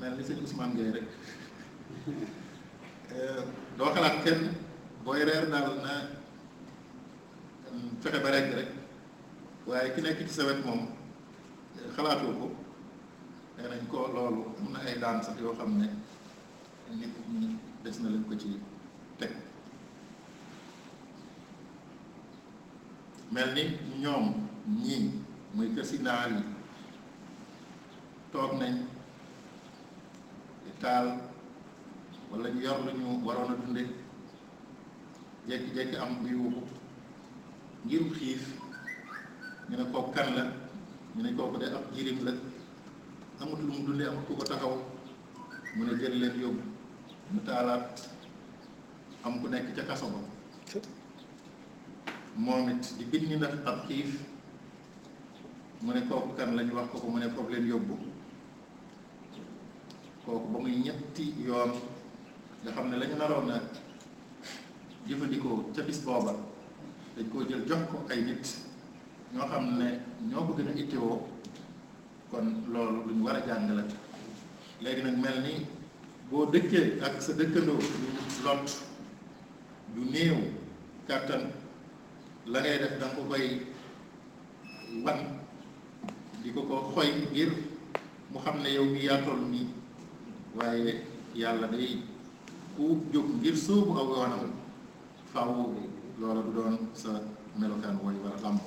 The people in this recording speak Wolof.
mel ni sëñ Ousmane Gueye rek euh, doo xalaat kenn booy reer daal na fexe ba rek rek waaye ki nekk ci sa wet moom xalaatoo ko nee nañ ko loolu am na ay daan sax yoo xam ne nit ñi des na lañ ko ci teg mel ni ñoom ñii muy kësinaar yi toog nañ taal wala ñu yor lu ñu waroon a dunde jékki-jékki am buy wuxu ngirum xiif ñu ne kooku kan la ñu ne kooku de ab jirim la amut lu mu dunde amut ku ko taxaw mu ne jël leen yóbbu mu taalaat am ku nekk ca kaso ba moom it di bind ni ndax ab xiif mu ne kooku kan lañu wax ko ko mu ne foofu leen yóbbu kooku ba muy ñetti yoon nga xam ne la ñu naroon jëfandikoo ca bis booba dañ koo jël jox ko ay nit ñoo xam ne ñoo ko gën a ittewoo kon loolu luñ war a jàng la léegi nag mel ni boo dëkkee ak sa dëkkandoo ñu lot du néew kàttan la ngay def da ko koy wan di ko ko xoy ngir mu xam ne yow mi yaa toll nii waaye yàlla day ku jóg ngir sóobu aw yoonam faaw loola du doon sa melokaan wooy war a làmb